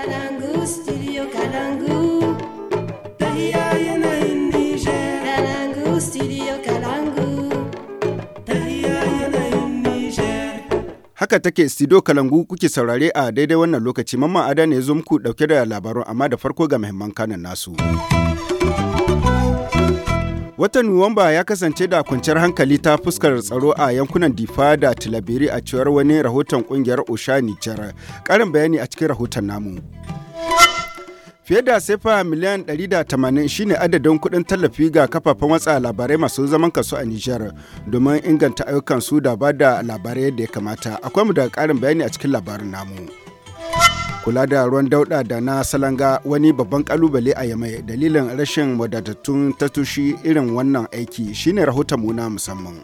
Kalangu, studio Kalangu. Haka take studio Kalangu kuke saurare a daidai wannan lokaci mamman adana ya zo muku dauke da labarun amma da farko ga muhimman kanan nasu. Watan Nuwamba ya kasance da kwanciyar hankali ta fuskar tsaro a yankunan Difa da Tilabiri a cewar wani rahoton kungiyar Osha Nijar. Karin bayani a cikin rahoton namu. Fiye da sefa miliyan 180 shine adadin kuɗin tallafi ga kafafen watsa labarai masu zaman kasu a Nijar domin inganta ayyukan su da ba da labarai yadda ya kamata. Akwai mu da ƙarin bayani a cikin labarin namu. kula da ruwan dauda da na salanga wani babban kalubale a yamai dalilin rashin wadatattun tatushi irin wannan aiki shine rahoton mu na musamman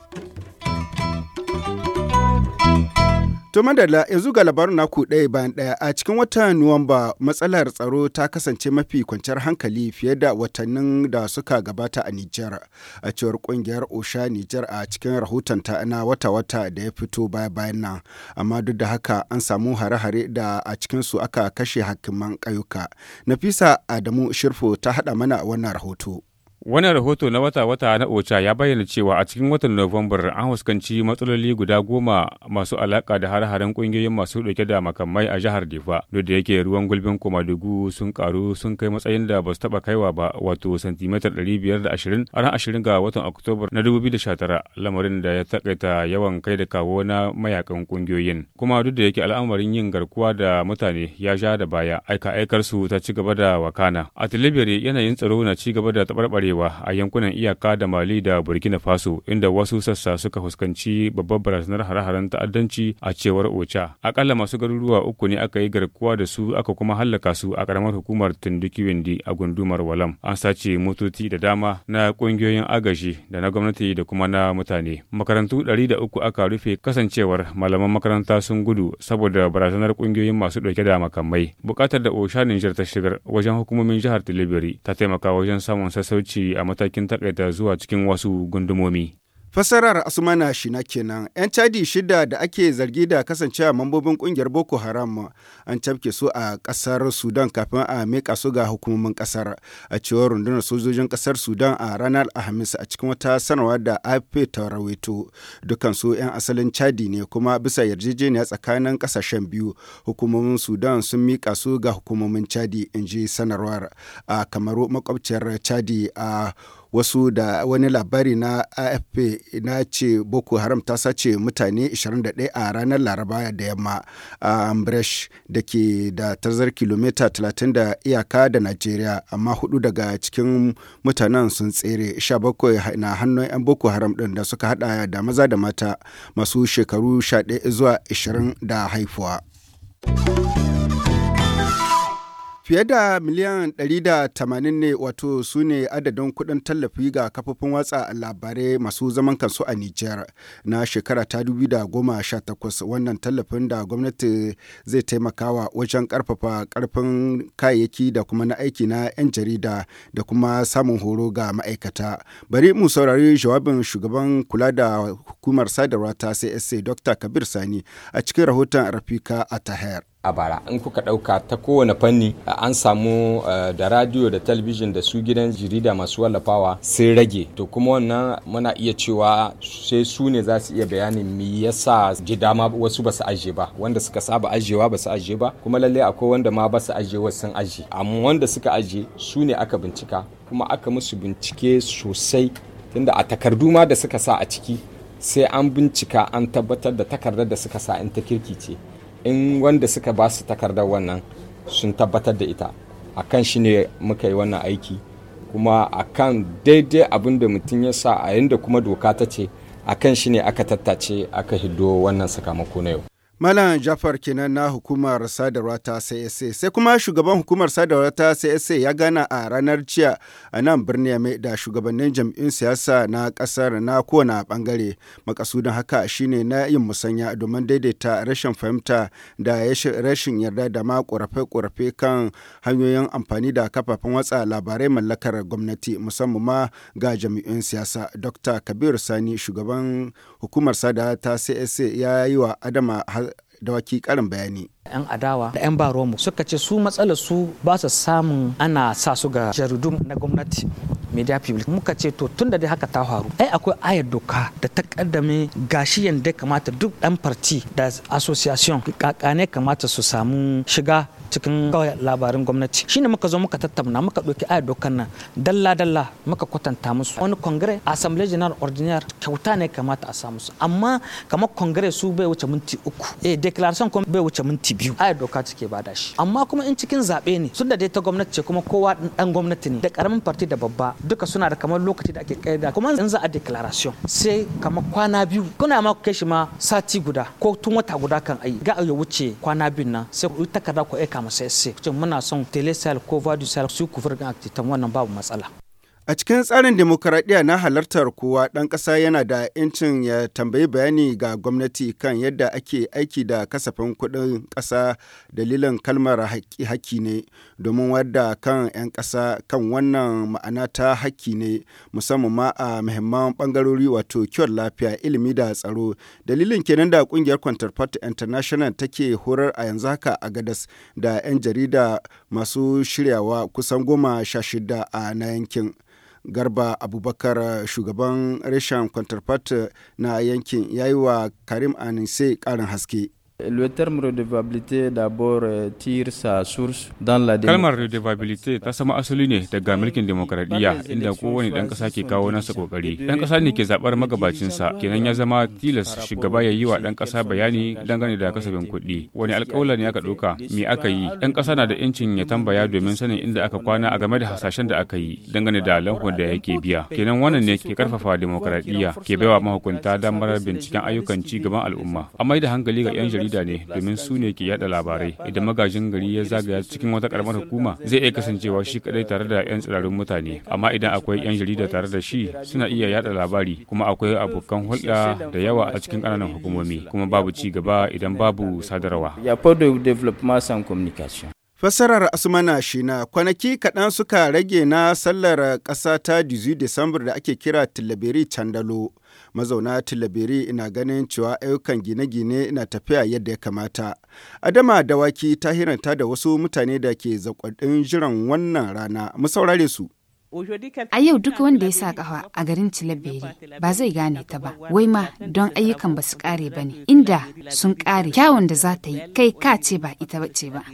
To madalla yanzu ga labarin naku ɗaya bayan ɗaya a cikin wata Nuwamba matsalar tsaro ta kasance mafi kwanciyar hankali fiye da watannin da suka gabata a Nijar. A cewar kungiyar OSHA Nijar a cikin rahoton ta na wata-wata da ya fito baya bayan nan. Amma duk da haka an samu hare-hare da a cikin su aka kashe hakiman kayuka Nafisa Adamu Shirfo ta haɗa mana wannan rahoto. wani rahoto na wata-wata na OCHA ya bayyana cewa a cikin watan Nuwambar an fuskanci matsaloli guda goma masu alaƙa da har-haren ƙungiyoyin masu dauke da makamai a jihar Difa. Duk da yake ruwan gulbin Komadugu sun karu sun kai matsayin da ba su taba kaiwa ba wato santimetar 520 a ran 20 ga watan oktobar na 2019 lamarin da ya takaita yawan kai da kawo na mayakan kungiyoyin. Kuma duk da yake al'amarin yin garkuwa da mutane ya ja da baya aika aikar su ta ci gaba da wakana. A Tilibiri yanayin tsaro na ci gaba da tabarbarewa arewa a yankunan iyaka da mali da burkina faso inda wasu sassa suka fuskanci babbar barazanar hare-haren ta'addanci a cewar ocha akalla masu garuruwa uku ne aka yi garkuwa da su aka kuma hallaka su a karamar hukumar tinduki windi a gundumar walam an sace motoci da dama na kungiyoyin agaji da na gwamnati da kuma na mutane makarantu ɗari da uku aka rufe kasancewar malaman makaranta sun gudu saboda barazanar kungiyoyin masu dauke da makamai bukatar da osha nijar ta shigar wajen hukumomin jihar tilibiri ta taimaka wajen samun sassauci a matakin takaita zuwa cikin wasu gundumomi. Fasarar Asmana Shina kenan, 'yan cadi shida da ake zargi da kasancewa mambobin kungiyar Boko Haram an cafke su a ƙasar Sudan kafin a miƙa su ga hukumomin ƙasar A cewar rundunar sojojin ƙasar Sudan a ranar Alhamis a cikin wata sanarwa da AFP ta rawaito. Dukan 'yan asalin cadi ne kuma bisa yarjejeniya tsakanin kasashen biyu. Hukumomin Sudan sun mika su ga hukumomin cadi in ji sanarwar. A Kamaru makwabciyar cadi a wasu da wani labari na afp na ce boko haram ta sace mutane 21 a ranar laraba da yamma a ambresh da ke da tazar kilomita 30 da iyaka da nigeria amma hudu daga cikin mutanen sun tsere 17 na hannun 'yan boko haram din da suka hada da maza da mata masu shekaru 11 zuwa 20 da haifuwa. Fiye da miliyan 180 ne wato su ne adadin kuɗin tallafi ga kafofin watsa labarai masu zaman kansu a Nijar na shekara ta 2018 wannan tallafin da gwamnati zai taimakawa wajen karfafa ƙarfin kayayyaki da kuma na aiki na 'yan jarida da kuma samun horo ga ma'aikata. Bari mu saurari jawabin shugaban kula da hukumar sadarwa ta CSA Dr. Kabir Sani a cikin rahoton Rafika tahir. a bara in kuka ɗauka ta kowane fanni an samu da radio da talabijin da su gidan jirida masu wallafawa sun rage to kuma wannan muna iya cewa sai su ne za su iya bayanin me yasa ji dama wasu ba su aje ba wanda suka saba ajewa ba su aje ba kuma lallai akwai wanda ma ba su aje wasu sun aje amma wanda suka aje su ne aka bincika kuma aka musu bincike sosai tunda a takardu ma da suka sa a ciki sai an bincika an tabbatar da takardar da suka sa in ta kirkice ce in wanda suka ba su takardar wannan sun tabbatar da ita a kan shi ne muka yi wannan aiki kuma a kan daidai abin da mutum ya sa a yadda kuma doka ta ce a kan shi ne aka tattace aka hiddo wannan sakamako na yau Malam Jafar kenan na hukumar sadarwa ta CSA sai kuma shugaban hukumar sadarwa ta CSA ya gana a ranar jiya a nan birnin mai da shugabannin jam'in siyasa na kasar na kowane bangare makasudin haka shine na yin musanya domin daidaita rashin fahimta da rashin yarda da ma ƙorafe-ƙorafe kan hanyoyin amfani da kafafen watsa labarai mallakar gwamnati musamman ma ga jam'in siyasa Dr. Kabir Sani shugaban hukumar sadarwa ta CSA ya yi wa Adama da waki karin bayani. 'yan adawa da 'yan baromu suka ce su matsalar su ba su samun ana sa su ga jaridu na gwamnati media public muka ce to tun da dai haka ta faru ai akwai ayar doka da ta kaddame gashi yadda kamata duk dan farti da association kakane kamata su samu shiga cikin labaran labarin gwamnati shine muka zo muka tattauna muka doki ayar dokan nan dalla dalla muka kwatanta musu wani congress assembly general ordinaire kyauta ne kamata a samu su amma kamar congress su bai wuce minti uku eh declaration kuma bai wuce minti biyu ayar doka take bada shi amma kuma in cikin zaɓe ne sun da dai ta gwamnati ce kuma kowa dan gwamnati ne da karamin farti da babba duka suna da kamar lokaci da ake kaida kuma in za a declaration sai kamar kwana biyu kuna ma kai shi ma sati guda ko tun wata guda kan ayi ga ya wuce kwana biyu nan sai ku takarda ku aika masa sai muna son telesal ko vadusal su ku furgan aktitan wannan babu matsala A cikin tsarin demokaradiyya na halartar kowa ɗan ƙasa yana da 'yancin ya tambayi bayani ga gwamnati kan yadda ake aiki da kasafin kuɗin ƙasa dalilin kalmar haƙƙi ne domin wadda kan 'yan ƙasa kan wannan ma'ana ta haƙƙi ne musamman ma a muhimman ɓangarori wato kiwon lafiya ilimi da tsaro dalilin kenan da ƙungiyar counterpart international take horar a yanzu haka a gadas da 'yan jarida masu shiryawa kusan goma sha shida a na yankin. garba abubakar shugaban reshen counterpart na yankin yayi wa karim anise karin haske Le terme redevabilité d'abord euh, tire sa source dans la Kalmar redevabilité ta sama asali ne daga mulkin demokradiyya inda kowane dan kasa ke kawo nasa kokari. Dan kasa ne ke zabar magabacinsa kenan ya zama tilas shugaba ya yi wa dan kasa bayani dangane da kasafin kuɗi. Wani alƙawla ne aka ɗauka, me aka yi? Dan kasa na da incin ya tambaya domin sanin inda aka kwana a game da hasashen da aka yi dangane da lanhon da yake biya. Kenan wannan ne ke karfafa demokradiyya ke baiwa mahukunta damar binciken ayyukan ci gaban al'umma. Amma da hankali ga 'yan jarida jarida ne domin su ne ke yada labarai idan magajin gari ya zagaya cikin wata karamar hukuma zai iya kasancewa shi kadai tare da yan tsirarun mutane amma idan akwai yan jarida tare da shi suna iya yada labari kuma akwai abokan hulɗa da yawa a cikin kananan hukumomi kuma babu ci gaba idan babu sadarwa. Fassarar Asmana na kwanaki kaɗan suka rage na sallar ƙasa ta 18 da ake kira Tilaberi Candalo. mazauna tilabiri ina ganin cewa ayyukan gine-gine na tafiya yadda ya kamata adama dawaki ta hiranta da wasu mutane da ke zakwadin jiran wannan rana mu saurare su A yau duk wanda ya sa kafa a garin Tilaberi ba zai gane ta ba, wai ma don ayyukan ba su kare ba ne, inda sun kare kyawun da za ta yi kai ka ce ba ita ba ce ba.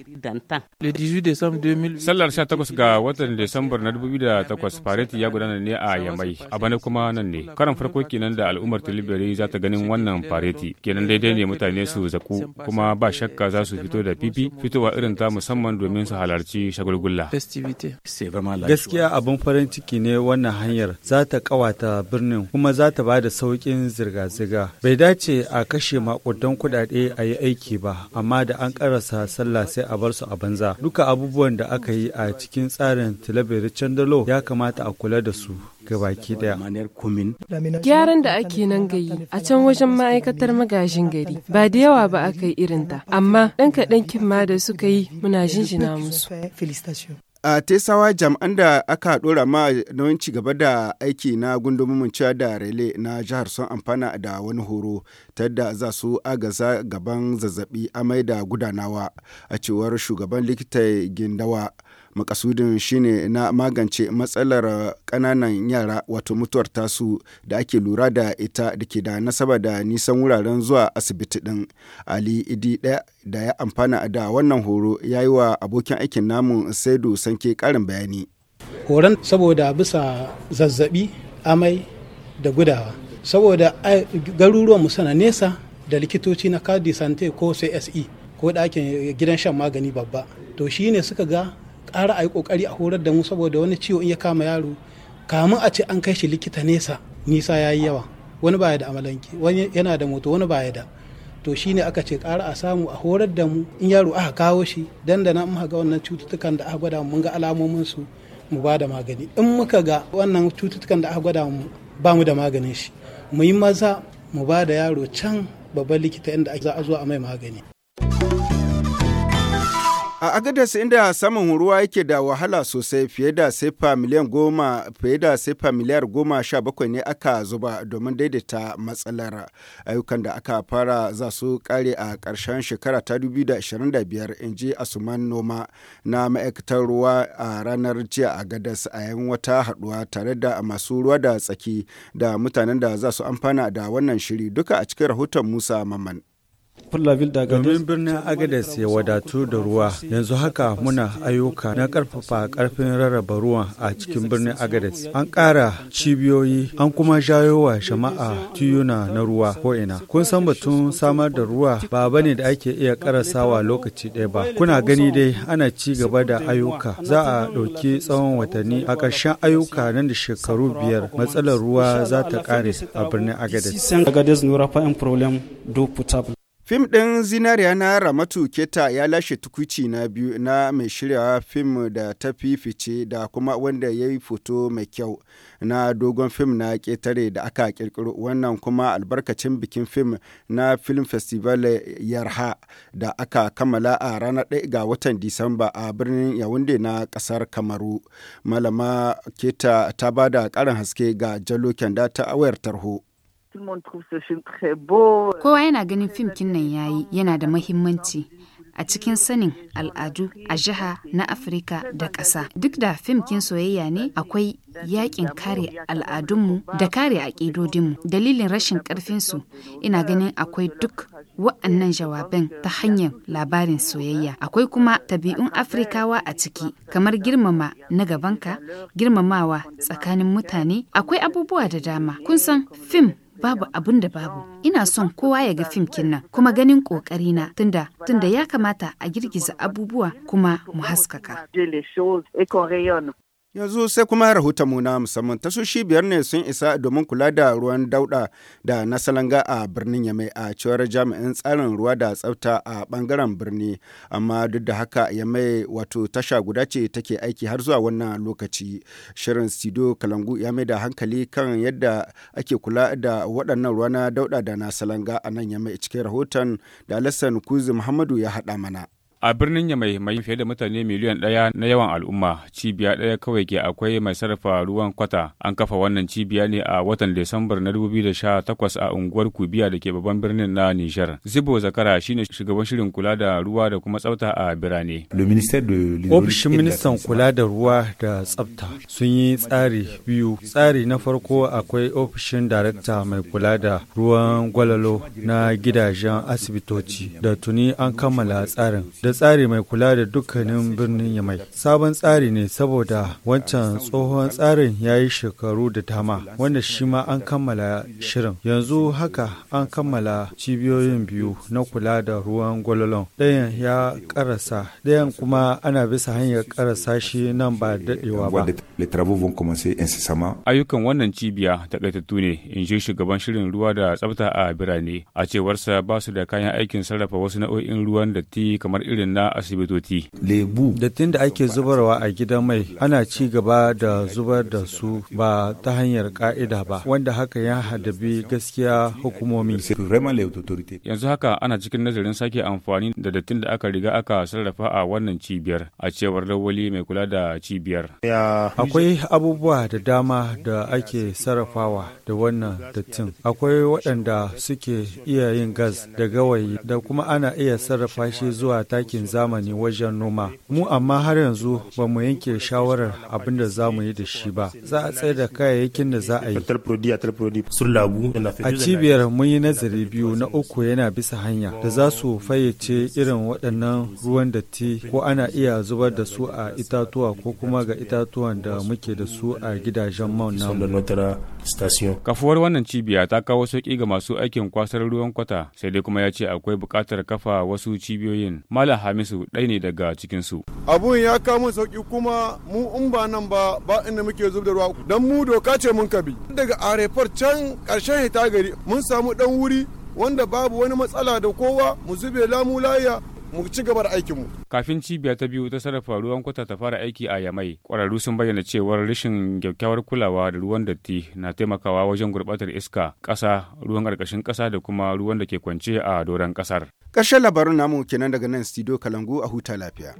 Sallar 18 ga watan Desambar na 2008 fareti ya gudana ne a Yamai, a bane kuma nan ne. Karan farko kenan da al'ummar Tilaberi za ta ganin wannan fareti, kenan daidai ne mutane su zaku kuma ba shakka za su fito da fifi fitowa irin ta musamman domin su halarci shagulgulla. Gaskiya abin farin ciki ne wannan hanyar za ta kawata birnin kuma za ta ba da sauƙin zirga-zirga. Bai dace a kashe makudan kuɗaɗe a yi aiki ba, amma da an karasa sallah sai a bar su a banza. Duka abubuwan da aka yi a cikin tsarin Tilabiri candalo ya kamata a kula da su. gabaki daya. Gyaran da ake nan gayi a can wajen ma'aikatar magajin gari ba da yawa ba aka yi irinta, amma ɗan kaɗan kin ma da suka yi muna jinjina musu. a tesawa jami'an da aka ɗora ma don ci gaba da aiki na gundumomin cewa da rele na jihar sun amfana da wani horo ta da za su agaza gaban zazzabi amai da gudanawa a cewar shugaban likita gindawa makasudin shine na magance matsalar kananan yara wato mutuwar tasu da ake lura da ita da ke da nasaba da nisan wuraren zuwa asibiti din ali idi daya da ya amfana da wannan horo ya yi wa abokin aikin namun saidu sanke ƙarin bayani horon saboda bisa zazzabi amai da gudawa saboda garuruwan mu sana nesa da likitoci na kadi sante ko cse ko ɗakin gidan shan magani babba to shi ne suka ga ƙara a yi ƙoƙari a horar da mu saboda wani ciwo in ya kama yaro kamun a ce an kai shi likita nesa nisa ya yi yawa wani baya da amalanke wani yana da moto wani baya da to shine aka ce ƙara a samu a horar da mu in yaro aka kawo shi dandana in ga wannan cututtukan da aka gwada mun ga alamomin su mu ba da magani in muka ga wannan cututtukan da aka gwada mu ba mu da maganin shi mu yi maza mu ba da yaro can babban likita inda za a zo a mai magani A Agadas inda samun ruwa yake da wahala sosai fiye da sefa miliyan goma fiye da sefa miliyar goma sha bakwai ne aka zuba domin daidaita matsalar ayyukan da aka fara za su kare a karshen shekara ta biyar in ji asuman noma na ma'aikatar ruwa a ranar jiya a Agadas a 'yan wata haɗuwa tare da masu ruwa da tsaki da mutanen da za su amfana da wannan shiri duka a cikin rahoton Musa Maman. Domin birnin Agades ya wadatu da ruwa, yanzu haka muna ayyuka na ƙarfafa ƙarfin rarraba ruwa a cikin birnin Agades. An ƙara cibiyoyi, an kuma jayo wa jama'a tiyuna na ruwa ko ina. Kun san batun samar da ruwa ba bane da ake iya karasawa lokaci ɗaya ba. Kuna gani dai ana ci gaba da ayyuka. Za a ɗauki tsawon watanni a ƙarshen ayyuka nan da shekaru biyar matsalar ruwa za ta ƙare a birnin Agades. Agades n'aura potable. Fim ɗin Zinariya na Ramatu Keta ya lashe tukuci na biyu na mai shirya fim da ta fi fice da kuma wanda ya yi foto mai kyau na dogon fim na ƙetare da aka ƙirƙiro wannan kuma albarkacin bikin fim na Film Festival Yarha da aka kammala a ranar 1 ga watan Disamba a birnin Yaounde na ƙasar Kamaru. Malama Keta ta ba da ƙarin haske ga Jalo Kyanda ta wayar tarho. Kowa yana ganin fim kin nan yayi yana da mahimmanci a cikin sanin al'adu a jiha na Afirka da ƙasa. Duk da fim kin soyayya ne akwai yakin kare al'adunmu da kare aƙidodinmu dalilin rashin ƙarfinsu ina ganin akwai duk wa'annan jawaban ta hanyar labarin soyayya akwai kuma tabi'un afirkawa a ciki kamar girmama na gabanka girmamawa tsakanin mutane akwai abubuwa da dama kun san fim babu abin da babu. Ina son kowa ya ga fim kinnan kuma ganin kokari na tunda tunda ya kamata a girgiza abubuwa kuma mu haskaka. yanzu sai kuma mu na musamman tasoshi biyar ne sun isa domin kula da ruwan dauda da na salanga a birnin yamai a cewar jami'in tsarin ruwa da tsafta a bangaren birni amma duk da haka yamai wato tasha guda ce take aiki har zuwa wannan lokaci shirin sido kalangu ya mai da hankali kan yadda ake kula da waɗannan ruwa na dauda da na salanga a nan yamai cikin rahoton da alassan kuzi muhammadu ya haɗa mana A birnin Yamai mai fiye da mutane miliyan ɗaya na yawan al'umma, cibiya ɗaya kawai ke akwai mai sarrafa ruwan kwata. An kafa wannan cibiya ne a watan Desambar na 2018 a unguwar Kubiya da ke babban birnin na Nijar. Zibo Zakara shine shugaban shirin kula da ruwa da kuma tsafta a birane. Ofishin ministan kula da ruwa da tsafta sun yi tsari biyu. Tsari na farko akwai ofishin darakta mai kula da ruwan gwalalo na gidajen asibitoci da tuni an kammala tsarin. da tsari mai kula da dukkanin birnin Yamai. Sabon tsari ne saboda wancan tsohon tsarin ya yi shekaru da dama, wanda shi ma an kammala shirin. Yanzu haka an kammala cibiyoyin biyu na kula da ruwan gwalolon. Ɗayan ya karasa, ɗayan kuma ana bisa hanyar karasa shi nan ba daɗewa ba. Ayyukan wannan cibiya takaitattu ne, in ji shugaban shirin ruwa da tsafta a birane. A cewarsa ba su da kayan aikin sarrafa wasu nau'o'in ruwan datti kamar irin irin na asibitoci. Lebu. Dattin da ake zubarwa a gidan mai ana ci gaba da zubar da su ba ta hanyar ka'ida ba wanda haka ya hadabi gaskiya hukumomi. Yanzu haka ana cikin nazarin sake amfani da dattin da aka riga aka sarrafa a wannan cibiyar a cewar lawali mai kula da cibiyar. Akwai abubuwa da dama da ake sarrafawa da wannan dattin. Akwai waɗanda suke iya yin gas da gawayi da kuma ana iya sarrafa shi zuwa taki aikin zamani wajen noma. Mu amma har yanzu ba mu yanke shawarar abin da za mu yi da shi ba. Za a tsaye da kayayyakin da za a yi. A cibiyar mun yi nazari biyu na uku yana bisa hanya da za su fayyace irin waɗannan ruwan datti ko ana iya zubar da su a itatuwa ko kuma ga itatuwan da muke da su a gidajen man Stasiyon. Kafuwar wannan cibiya ta kawo sauƙi ga masu aikin kwasar ruwan kwata sai dai kuma ya ce akwai buƙatar kafa wasu cibiyoyin. Malam Hamisu ɗaya ne daga cikinsu. Abun ya kawo sauƙi kuma mu in ba nan ba ba inda muke zub da ruwa don mu doka ce mun kabi. Daga arefar can ƙarshen hita gari mun samu ɗan wuri wanda babu wani matsala da kowa mu zube lamu laya mu ci gaba da aikin mu kafin cibiya ta biyu ta sarrafa ruwan kwata ta fara aiki a yamai kwararru sun bayyana cewar rashin kyakkyawar kulawa da ruwan datti na taimakawa wajen gurbatar iska ƙasa ruwan ƙarƙashin ƙasa da kuma ruwan da ke kwance a doron ƙasar ƙarshen labarin namu kenan daga nan studio kalangu a huta lafiya